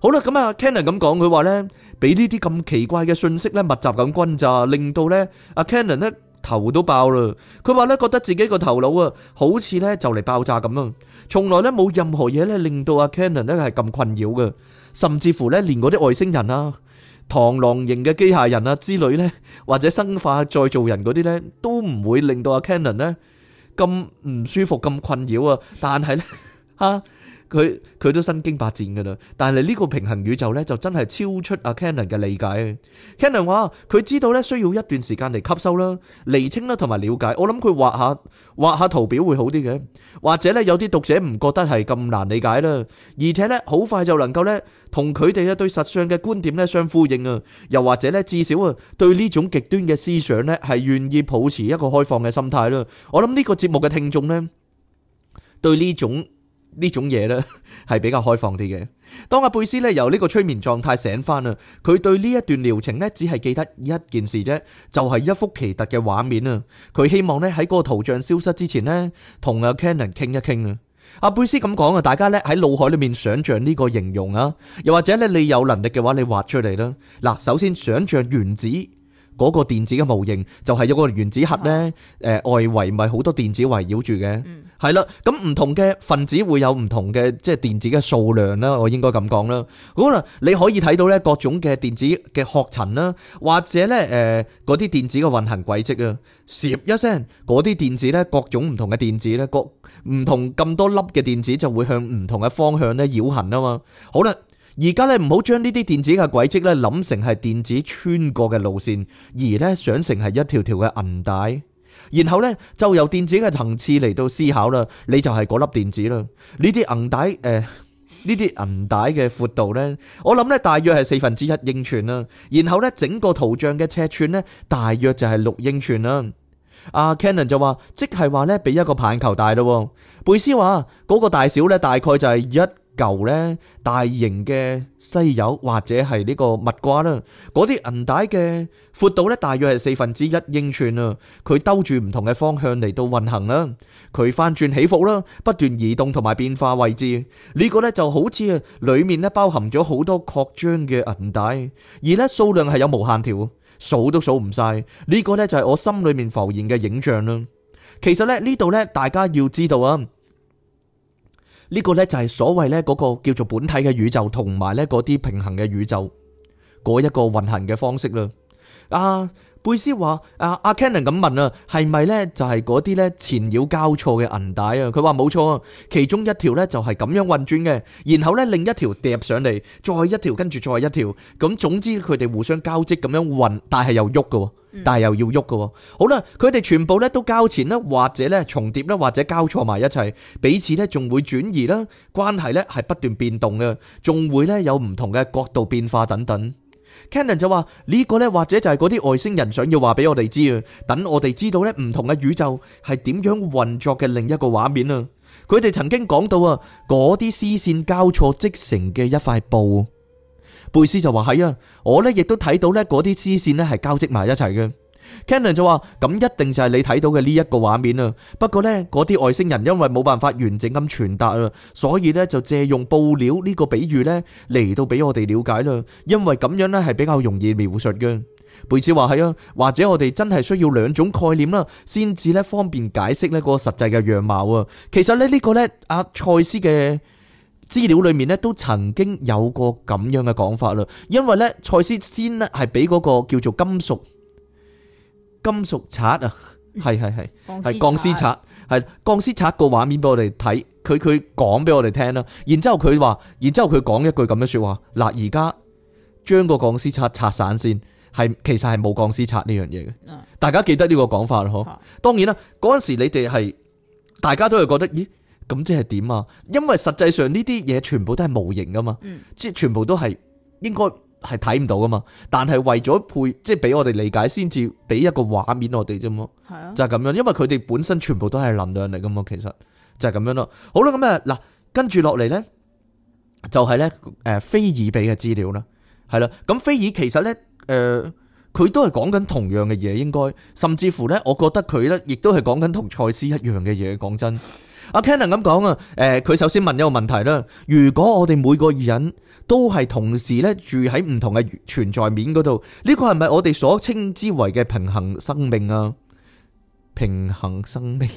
好啦，咁啊，Cannon 咁講，佢話咧，俾呢啲咁奇怪嘅信息咧，密集咁轟炸，令到咧，阿 Cannon 咧頭都爆啦。佢話咧，覺得自己個頭腦啊，好似咧就嚟爆炸咁啊。從來咧冇任何嘢咧，令到阿 Cannon 咧係咁困擾嘅，甚至乎咧，連嗰啲外星人啊、螳螂型嘅機械人啊之類咧，或者生化再造人嗰啲咧，都唔會令到阿 Cannon 咧咁唔舒服、咁困擾啊。但係咧，嚇。佢，佢都身經百戰嘅啦，但係呢個平衡宇宙咧，就真係超出阿 k e n n e n 嘅理解。k e n n e n 話佢知道咧，需要一段時間嚟吸收啦、釐清啦同埋了解。我諗佢畫下畫下圖表會好啲嘅，或者咧有啲讀者唔覺得係咁難理解啦，而且咧好快就能夠咧同佢哋一對實相嘅觀點咧相呼應啊！又或者咧，至少啊對呢種極端嘅思想咧係願意保持一個開放嘅心態啦。我諗呢個節目嘅聽眾咧對呢種。呢種嘢呢係比較開放啲嘅。當阿貝斯呢由呢個催眠狀態醒翻啦，佢對呢一段療程呢，只係記得一件事啫，就係一幅奇特嘅畫面啊！佢希望呢喺嗰個圖像消失之前呢，同阿 Cannon 傾一傾啊！阿貝斯咁講啊，大家呢喺腦海裏面想像呢個形容啊，又或者呢你有能力嘅話，你畫出嚟啦。嗱，首先想像原子。嗰個電子嘅模型就係有個原子核呢，誒、嗯呃，外圍咪好多電子圍繞住嘅，係啦、嗯。咁唔同嘅分子會有唔同嘅即係電子嘅數量啦，我應該咁講啦。好啦，你可以睇到呢各種嘅電子嘅殼層啦，或者呢誒嗰啲電子嘅運行軌跡啊，攝一聲嗰啲電子呢，各種唔同嘅電子呢，各唔同咁多粒嘅電子就會向唔同嘅方向咧繞行啊嘛，好啦。而家咧唔好將呢啲電子嘅軌跡咧諗成係電子穿過嘅路線，而咧想成係一條條嘅銀帶，然後咧就由電子嘅層次嚟到思考啦，你就係嗰粒電子啦。呢啲銀帶，誒呢啲銀帶嘅闊度咧，我諗咧大約係四分之一英寸啦。然後咧整個圖像嘅尺寸咧大約就係六英寸啦。阿 Cannon 就話，即係話咧比一個棒球大咯。貝斯話嗰個大小咧大概就係一舊咧，大型嘅西柚或者係呢個蜜瓜啦，嗰啲銀帶嘅闊度咧，大約係四分之一英寸啊。佢兜住唔同嘅方向嚟到運行啦，佢翻轉起伏啦，不斷移動同埋變化位置。呢個咧就好似啊，裏面咧包含咗好多擴張嘅銀帶，而咧數量係有無限條，數都數唔晒。呢個咧就係我心裏面浮現嘅影像啦。其實咧呢度咧，大家要知道啊。呢個呢，就係所謂呢嗰個叫做本體嘅宇宙，同埋呢嗰啲平行嘅宇宙嗰一個運行嘅方式啦，啊！貝斯話，阿阿 Cannon 咁問啊，係咪呢就係嗰啲呢纏繞交錯嘅銀帶啊？佢話冇錯啊，其中一條呢就係咁樣運轉嘅，然後呢另一條疊上嚟，再一條跟住再一條，咁總之佢哋互相交織咁樣運，但係又喐㗎，但係又要喐㗎。好啦，佢哋全部呢都交纏啦，或者呢重疊啦，或者交錯埋一齊，彼此呢仲會轉移啦，關係呢係不斷變動嘅，仲會呢有唔同嘅角度變化等等。Cannon 就話呢、呢個呢，或者就係嗰啲外星人想要話俾我哋知啊，等我哋知道呢，唔同嘅宇宙係點樣運作嘅另一個畫面啊！佢哋曾經講到啊，嗰啲絲線交錯織成嘅一塊布，貝斯就話係啊，我呢亦都睇到呢，嗰啲絲線咧係交織埋一齊嘅。Cannon 就話：咁一定就係你睇到嘅呢一個畫面啦。不過呢，嗰啲外星人因為冇辦法完整咁傳達啦，所以呢，就借用布料呢個比喻呢嚟到俾我哋了解啦。因為咁樣呢係比較容易描述嘅。貝斯話係啊，或者我哋真係需要兩種概念啦，先至呢方便解釋呢個實際嘅樣貌啊。其實咧、這、呢個呢，阿、啊、賽斯嘅資料裏面呢都曾經有過咁樣嘅講法啦。因為呢，賽斯先呢係俾嗰個叫做金屬。金屬刷啊，係係係，係鋼絲刷，係鋼絲刷個畫面俾我哋睇，佢佢講俾我哋聽啦，然之後佢話，然之後佢講一句咁樣說話，嗱，而家將個鋼絲刷拆散先，係其實係冇鋼絲刷呢樣嘢嘅，大家記得呢個講法嗬，嗯、當然啦，嗰陣時你哋係大家都係覺得，咦，咁即係點啊？因為實際上呢啲嘢全部都係模型噶嘛，即係全部都係應該。係睇唔到噶嘛，但係為咗配，即係俾我哋理解，先至俾一個畫面我哋啫嘛，係啊的，就係咁樣，因為佢哋本身全部都係能量嚟噶嘛，其實就係咁樣咯。好啦，咁啊，嗱，跟住落嚟呢，就係呢，誒，菲爾俾嘅資料啦，係啦，咁菲爾其實呢，誒、呃，佢都係講緊同樣嘅嘢，應該甚至乎呢，我覺得佢呢，亦都係講緊同賽斯一樣嘅嘢，講真。阿 Kenner 咁講啊，誒，佢、呃、首先問一個問題啦。如果我哋每個人都係同時咧住喺唔同嘅存在面嗰度，呢個係咪我哋所稱之為嘅平行生命啊？平行生命，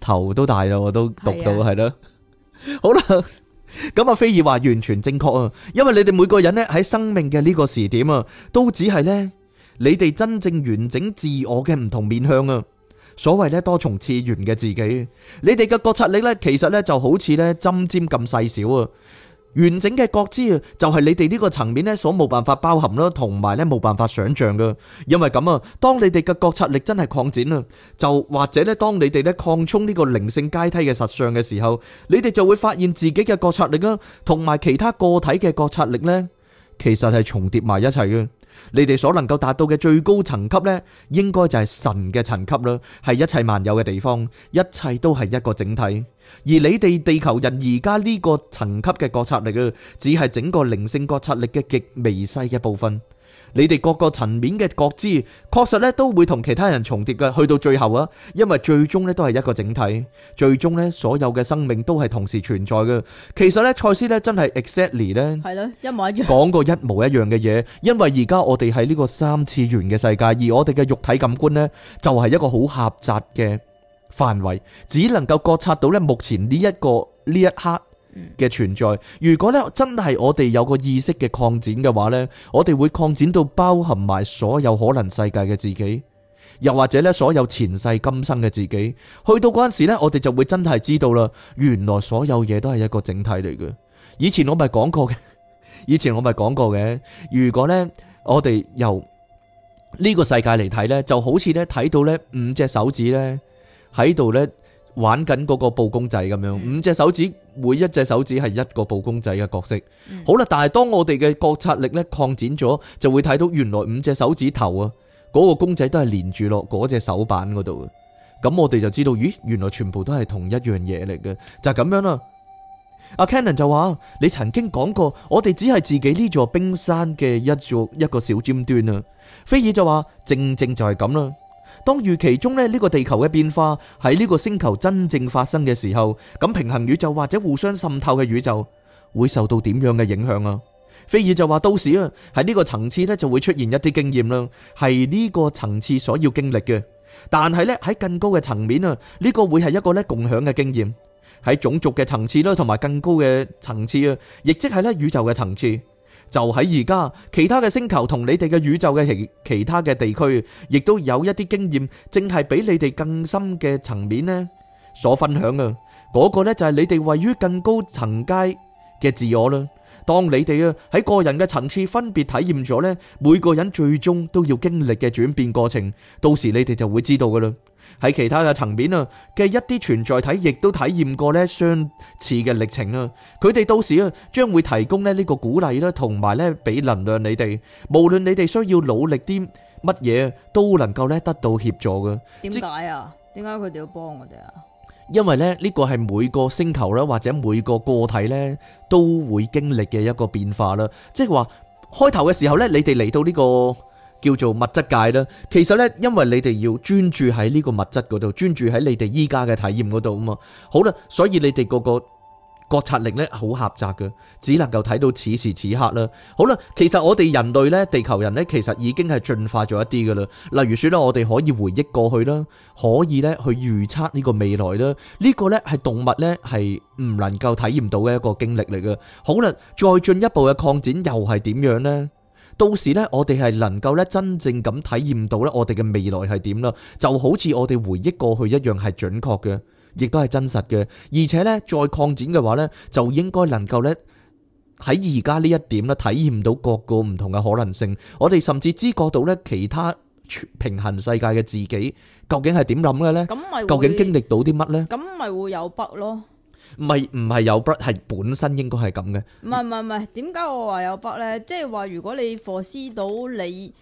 頭都大咗，我都讀到係咯。的對了 好啦，咁、嗯、阿菲爾話完全正確啊，因為你哋每個人咧喺生命嘅呢個時點啊，都只係咧你哋真正完整自我嘅唔同面向啊。所謂咧多重次元嘅自己，你哋嘅覺察力咧，其實咧就好似咧針尖咁細小啊。完整嘅覺知啊，就係你哋呢個層面咧所冇辦法包含咯，同埋咧冇辦法想象噶。因為咁啊，當你哋嘅覺察力真係擴展啊，就或者咧當你哋咧擴充呢個靈性階梯嘅實相嘅時候，你哋就會發現自己嘅覺察力啊，同埋其他個體嘅覺察力咧。其實係重疊埋一齊嘅，你哋所能夠達到嘅最高層級呢，應該就係神嘅層級啦，係一切萬有嘅地方，一切都係一個整體。而你哋地球人而家呢個層級嘅覺察力啊，只係整個靈性覺察力嘅極微細嘅部分。，你哋各個層面嘅覺知，確實咧都會同其他人重疊嘅。去到最後啊，因為最終咧都係一個整體，最終咧所有嘅生命都係同時存在嘅。其實咧，賽斯咧真係 exactly 咧，係咯，一模一樣，講過一模一樣嘅嘢。因為而家我哋喺呢個三次元嘅世界，而我哋嘅肉體感官咧，就係一個好狹窄嘅範圍，只能夠覺察到咧目前呢一個呢一刻嘅存在，如果咧真係我哋有個意識嘅擴展嘅話呢，我哋會擴展到包含埋所有可能世界嘅自己，又或者咧所有前世今生嘅自己，去到嗰陣時咧，我哋就會真係知道啦，原來所有嘢都係一個整體嚟嘅。以前我咪講過嘅，以前我咪講過嘅，如果呢我哋由呢個世界嚟睇呢，就好似呢睇到呢五隻手指呢喺度呢。玩緊嗰個布公仔咁樣，五隻手指每一隻手指係一個布公仔嘅角色。嗯、好啦，但係當我哋嘅覺察力咧擴展咗，就會睇到原來五隻手指頭啊，嗰、嗰個公仔都係連住落嗰隻手板嗰度嘅。咁我哋就知道，咦，原來全部都係同一樣嘢嚟嘅，就係、是、咁樣啦、啊。阿 Canon 就話：你曾經講過，我哋只係自己呢座冰山嘅一座一個小尖端啊。菲爾就話：正正就係咁啦。當預期中咧呢個地球嘅變化喺呢個星球真正發生嘅時候，咁平行宇宙或者互相滲透嘅宇宙會受到點樣嘅影響啊？菲爾就話，到時啊，喺呢個層次咧就會出現一啲經驗啦，係呢個層次所要經歷嘅。但係咧喺更高嘅層面啊，呢個會係一個咧共享嘅經驗，喺種族嘅層次啦，同埋更高嘅層次啊，亦即係咧宇宙嘅層次。就喺而家，其他嘅星球同你哋嘅宇宙嘅其其他嘅地區，亦都有一啲經驗，正係比你哋更深嘅層面呢，所分享嘅嗰、嗰個呢就係你哋位於更高層階嘅自我啦。當你哋啊喺個人嘅層次分別體驗咗呢，每個人最終都要經歷嘅轉變過程，到時你哋就會知道噶啦。喺其他嘅層面啊嘅一啲存在體亦都體驗過呢相似嘅歷程啊，佢哋到時啊將會提供呢呢個鼓勵啦，同埋呢俾能量你哋，無論你哋需要努力啲乜嘢都能夠呢得到協助噶。點解啊？點解佢哋要幫我哋啊？因為咧呢個係每個星球啦，或者每個個體呢，都會經歷嘅一個變化啦，即係話開頭嘅時候呢，你哋嚟到呢個叫做物質界啦，其實呢，因為你哋要專注喺呢個物質嗰度，專注喺你哋依家嘅體驗嗰度啊嘛，好啦，所以你哋個個。覺察力咧好狹窄嘅，只能夠睇到此時此刻啦。好啦，其實我哋人類咧，地球人咧，其實已經係進化咗一啲噶啦。例如說咧，我哋可以回憶過去啦，可以咧去預測呢個未來啦。呢個咧係動物咧係唔能夠體驗到嘅一個經歷嚟嘅。好啦，再進一步嘅擴展又係點樣咧？到時咧我哋係能夠咧真正咁體驗到咧我哋嘅未來係點啦，就好似我哋回憶過去一樣係準確嘅。亦都係真實嘅，而且呢再擴展嘅話呢，就應該能夠呢喺而家呢一點呢體驗到各個唔同嘅可能性。我哋甚至知覺到呢其他平行世界嘅自己究竟係點諗嘅呢？究竟經歷到啲乜呢？咁咪會有筆咯？唔係，唔係有筆，係本身應該係咁嘅。唔係，唔係，唔係點解我話有筆呢？即係話如果你 foresee 到你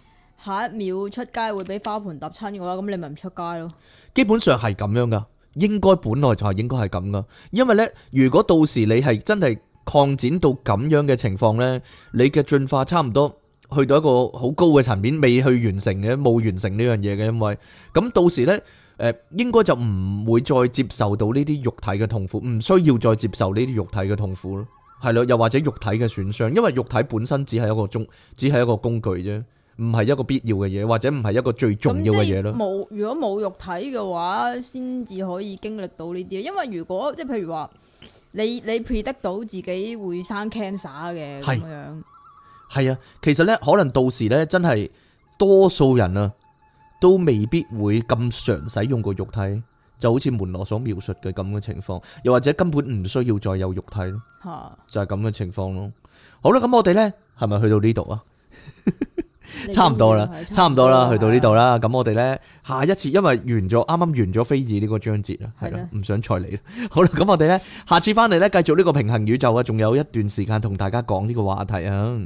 下一秒出街會俾花盆揼親嘅話，咁你咪唔出街咯？基本上係咁樣噶。應該本來就係應該係咁噶，因為呢，如果到時你係真係擴展到咁樣嘅情況呢，你嘅進化差唔多去到一個好高嘅層面，未去完成嘅，冇完成呢樣嘢嘅，因為咁到時呢，誒、呃，應該就唔會再接受到呢啲肉體嘅痛苦，唔需要再接受呢啲肉體嘅痛苦咯，係咯，又或者肉體嘅損傷，因為肉體本身只係一個中，只係一個工具啫。唔係一個必要嘅嘢，或者唔係一個最重要嘅嘢咯。冇，如果冇肉體嘅話，先至可以經歷到呢啲。因為如果即係譬如話，你你 predict 到自己會生 cancer 嘅咁樣，係啊，其實呢可能到時呢真係多數人啊，都未必會咁常使用個肉體，就好似門羅所描述嘅咁嘅情況，又或者根本唔需要再有肉體咯，就係咁嘅情況咯。好啦，咁我哋呢係咪去到呢度啊？差唔多啦，差唔多啦，多去到呢度啦。咁、嗯、我哋呢，下一次，因為完咗，啱啱完咗飛字呢個章節啦，係咯的，唔想再嚟啦。好啦，咁我哋呢，下次翻嚟呢，繼續呢個平行宇宙啊，仲有一段時間同大家講呢個話題啊。